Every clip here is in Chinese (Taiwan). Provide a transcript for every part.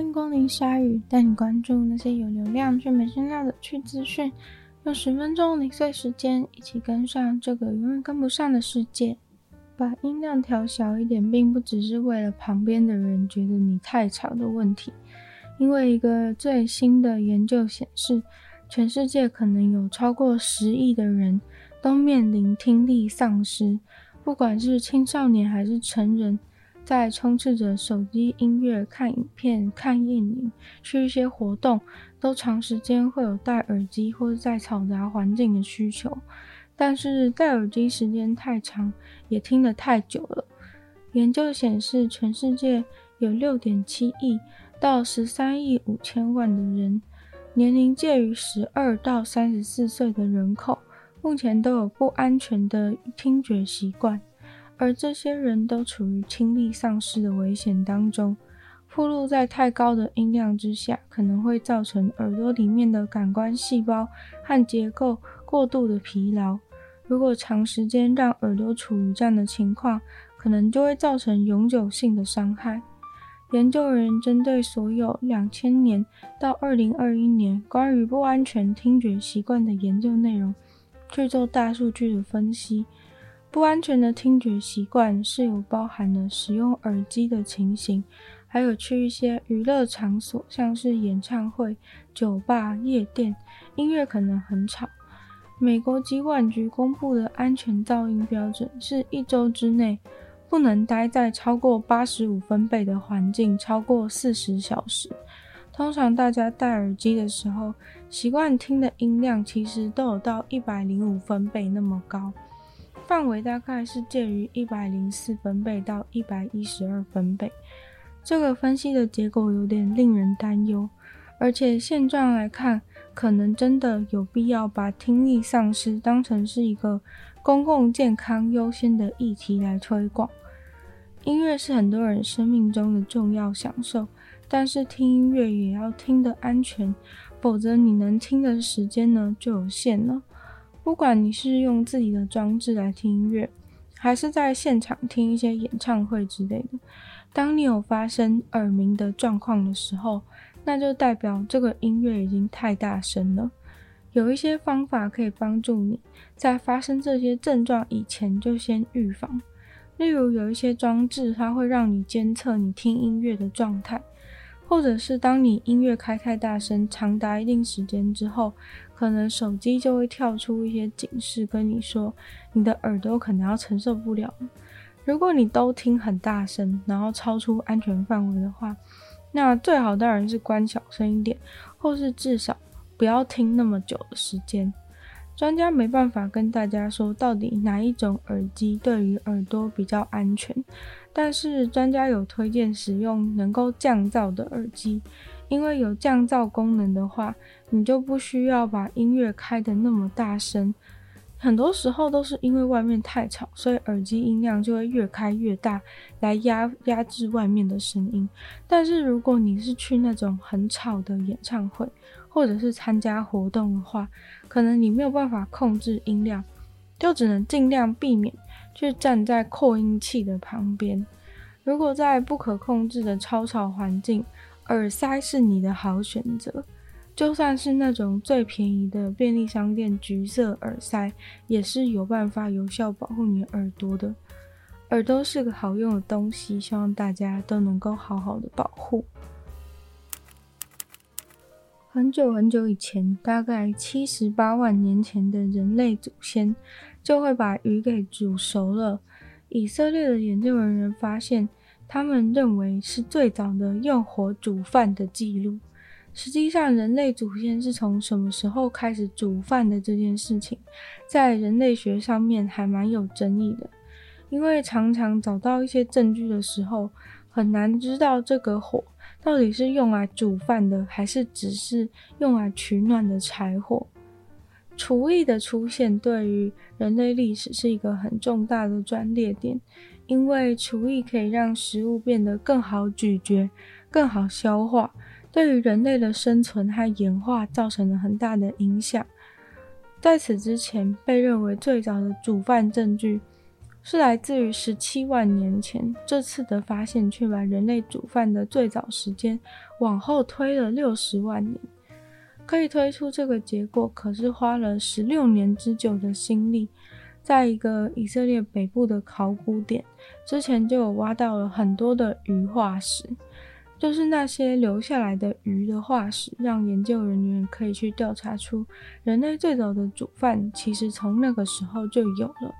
歡迎光臨鯊語，帶你關注那些有流量卻沒聲量的趣資訊。用十分鐘零碎時間，一起跟上這個永遠跟不上的世界。把音量調小一點，並不只是為了旁邊的人覺得你太吵的問題。因為一個最新的研究顯示，全世界可能有超過十億的人都面臨聽力喪失，不管是青少年還是成人。在充斥着手機、音樂、看影片、看電影、去一些活動，都長時間會有戴耳機或者在嘈雜環境的需求。但是戴耳機時間太長，也聽得太久了。研究顯示，全世界有六點七億到十三億五千萬的人，年齡介於十二到三十四歲的人口，目前都有不安全的聽覺習慣。而這些人都處於聽力喪失的危險當中。暴露在太高的音量之下，可能會造成耳朵裡面的感官細胞和結構過度的疲勞。如果長時間讓耳朵處於這樣的情況，可能就會造成永久性的傷害。研究人員針對所有兩千年到二零二一年關於不安全聽覺習慣的研究內容，去做大數據的分析。不安全的聽覺習慣是有包含了使用耳機的情形，還有去一些娛樂場所，像是演唱會、酒吧、夜店，音樂可能很吵。美國疾管局公布的安全噪音標準是一周之內不能待在超過八十五分貝的環境超過四十小時。通常大家戴耳機的時候，習慣聽的音量其實都有到一百零五分貝那麼高。範圍大概是介於一百零四分貝到一百一十二分貝。這個分析的結果有點令人擔憂，而且現狀來看，可能真的有必要把聽力喪失當成是一個公共健康優先的議題來推廣。音樂是很多人生命中的重要享受，但是聽音樂也要聽得安全，否則你能聽的時間呢，就有限了。不管你是用自己的裝置來聽音樂，還是在現場聽一些演唱會之類的，當你有發生耳鳴的狀況的時候，那就代表這個音樂已經太大聲了。有一些方法可以幫助你在發生這些症狀以前就先預防，例如有一些裝置它會讓你監測你聽音樂的狀態，或者是當你音樂開太大聲長達一定時間之後，可能手機就會跳出一些警示，跟你說你的耳朵可能要承受不了了。如果你都聽很大聲，然後超出安全範圍的話，那最好當然是關小聲一點，或是至少不要聽那麼久的時間。專家沒辦法跟大家說到底哪一種耳機對於耳朵比較安全，但是專家有推薦使用能夠降噪的耳機。因為有降噪功能的話，你就不需要把音樂開得那麼大聲。很多時候都是因為外面太吵，所以耳機音量就會越開越大，來壓壓制外面的聲音。但是如果你是去那種很吵的演唱會，或者是參加活動的話，可能你沒有辦法控制音量，就只能盡量避免去站在擴音器的旁邊。如果在不可控制的超吵環境，耳塞是你的好選擇，就算是那種最便宜的便利商店橘色耳塞，也是有辦法有效保護你耳朵的。耳朵是個好用的東西，希望大家都能夠好好的保護。很久很久以前，大概七十八萬年前的人類祖先就會把魚給煮熟了。以色列的研究人員發現。他們認為是最早的用火煮飯的記錄。實際上，人類祖先是從什麼時候開始煮飯的這件事情，在人類學上面還蠻有爭議的，因為常常找到一些證據的時候，很難知道這個火到底是用來煮飯的，還是只是用來取暖的柴火。廚藝的出現對於人類歷史是一個很重大的轉列點轉折點。因為廚藝可以讓食物變得更好咀嚼，更好消化，對於人類的生存和演化造成了很大的影響。在此之前，被認為最早的煮飯證據是來自於十七萬年前，這次的發現卻把人類煮飯的最早時間往後推了六十萬年。可以推出這個結果，可是花了十六年之久的心力。在一個以色列北部的考古點，之前就有挖到了很多的魚化石，就是那些留下來的魚的化石，讓研究人員可以去調查出人類最早的煮飯其實從那個時候就有了。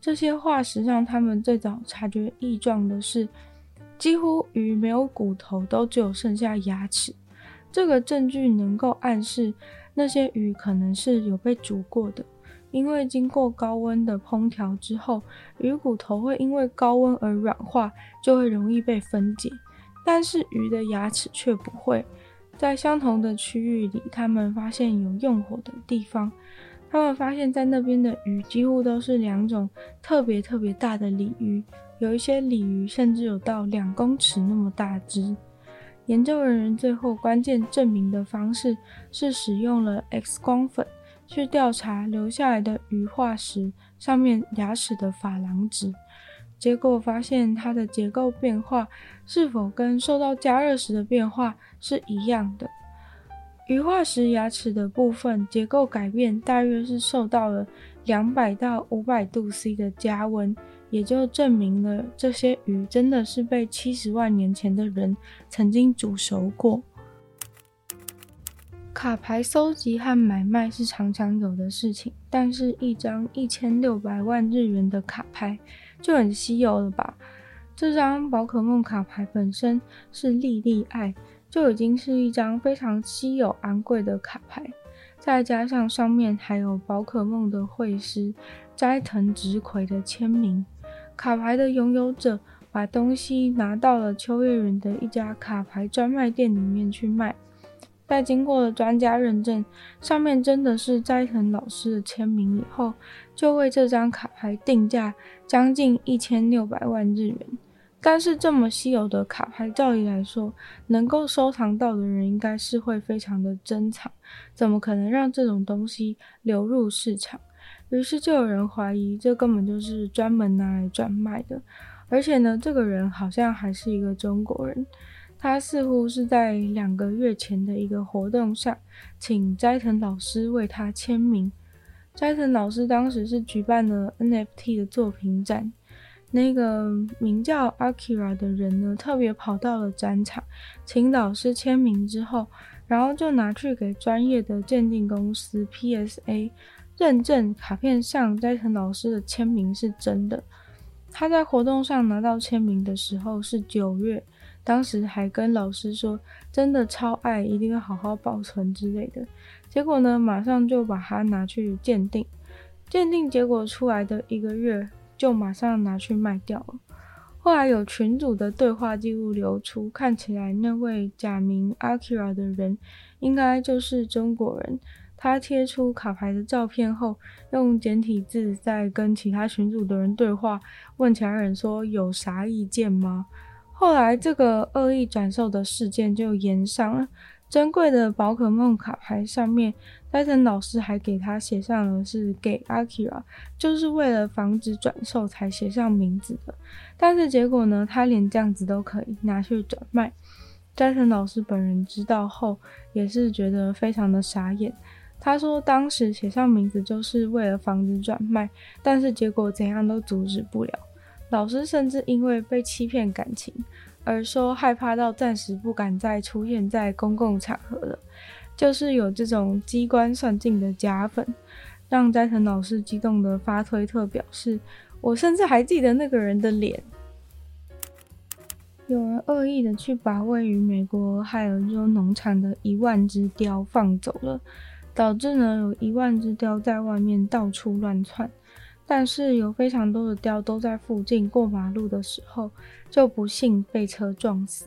這些化石讓他們最早察覺異狀的是，幾乎魚沒有骨頭，都只有剩下牙齒。這個證據能夠暗示那些魚可能是有被煮過的。因為經過高溫的烹調之後，魚骨頭會因為高溫而軟化，就會容易被分解。但是魚的牙齒卻不會。在相同的區域裡，他們發現有用火的地方，他們發現在那邊的魚幾乎都是兩種特別特別大的鯉魚，有一些鯉魚甚至有到兩公尺那麼大隻。研究人員最後關鍵證明的方式是使用了 X 光粉。去調查留下來的魚化石上面牙齒的珐琅質，結果發現它的結構變化是否跟受到加熱時的變化是一樣的。魚化石牙齒的部分結構改變，大約是受到了兩百到五百度 C 的加溫，也就證明了這些魚真的是被七十萬年前的人曾經煮熟過。卡牌收集和買賣是常常有的事情，但是一張一千六百萬日元的卡牌就很稀有了吧？這張寶可夢卡牌本身是莉莉愛，就已經是一張非常稀有昂貴的卡牌，再加上上面還有寶可夢的繪師齋藤直葵的簽名，卡牌的擁有者把東西拿到了秋葉原的一家卡牌專賣店裡面去賣。在經過了專家認證，上面真的是齋藤老師的簽名以後，就為這張卡牌定價將近一千六百萬日元。但是這麼稀有的卡牌，照理來說，能夠收藏到的人應該是會非常的珍藏，怎麼可能讓這種東西流入市場？於是就有人懷疑，這根本就是專門拿來轉賣的。而且呢，這個人好像還是一個中國人。他似乎是在兩個月前的一個活動上，請齋藤老師為他簽名。齋藤老師當時是舉辦了 NFT 的作品展，那個名叫 Akira 的人呢，特別跑到了展場，請老師簽名之後，然後就拿去給專業的鑑定公司 PSA 認證，卡片上齋藤老師的簽名是真的。他在活動上拿到簽名的時候是九月。當時還跟老師說，真的超愛，一定要好好保存之類的。結果呢，馬上就把它拿去鑑定，鑑定結果出來的一個月，就馬上拿去賣掉了。後來有群組的對話記錄流出，看起來那位假名 Akira 的人應該就是中國人。他貼出卡牌的照片後，用簡體字在跟其他群組的人對話，問其他人說有啥意見嗎？後來，這個惡意轉售的事件就炎上了。珍貴的寶可夢卡牌上面，齋藤老師還給他寫上了是給 Akira，就是為了防止轉售才寫上名字的。但是結果呢，他連這樣子都可以拿去轉賣。齋藤老師本人知道後，也是覺得非常的傻眼。他說，當時寫上名字就是為了防止轉賣，但是結果怎樣都阻止不了。老師甚至因為被欺騙感情而說，害怕到暫時不敢再出現在公共場合了，就是有這種機關算盡的假粉，讓齋藤老師激動的發推特表示：“我甚至還記得那個人的臉。”有人惡意的去把位於美國俄亥俄州農場的一萬隻貂放走了，導致呢，有一萬隻貂在外面到處亂竄。但是有非常多的貂都在附近，過馬路的時候就不幸被車撞死。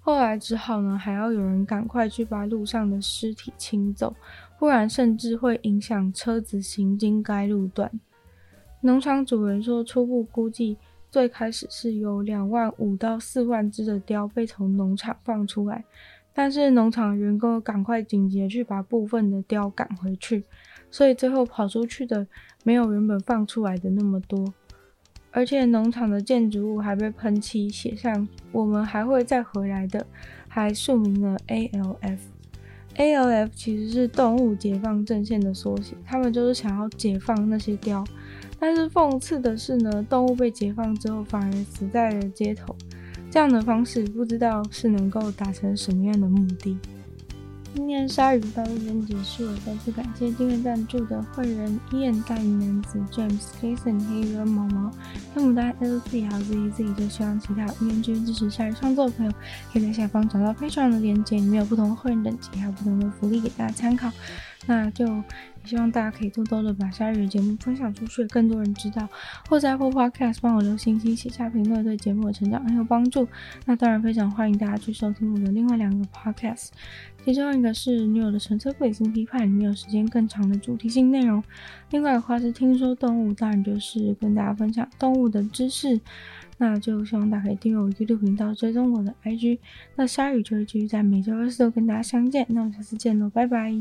後來只好呢，還要有人趕快去把路上的屍體清走，不然甚至會影響車子行經該路段。農場主人說，初步估計，最開始是有兩萬五到四萬只的貂被從農場放出來。但是農場員工趕快緊急去把部分的貂趕回去，所以最後跑出去的沒有原本放出來的那麼多。而且農場的建築物還被噴漆寫上“我們還會再回來的”，還署名了 ALF。ALF 其實是動物解放陣線的縮寫，他們就是想要解放那些貂。但是諷刺的是呢，動物被解放之後反而死在了街頭。這樣的方式，不知道是能夠達成什麼樣的目的。今天鯊魚的到此結束，再次感謝訂閱贊助的會員 Ian 大魚男子 James Jason h e 和毛毛。嗯嗯、那麼大家都自己好，自己自己就希望其他願意支持鯊魚創作的朋友，可以在下方找到非常的鏈接，裡面有不同的會員等級還有不同的福利給大家參考。那就也希望大家可以多多的把鯊魚的節目分享出去，更多人知道。或者在播客幫我留信息、寫下評論，對節目的成長很有幫助。那當然非常歡迎大家去收聽我的另外兩個 podcast。其中一個是女友的純粹不理性批判，女友有時間更長的主題性內容。另外的話是聽說動物，當然就是跟大家分享動物的知識。那就希望大家可以訂閱我的 YouTube 頻道，追蹤我的 IG。那鯊魚就會繼續在每周二、四都跟大家相見。那我們下次見嘍，拜拜。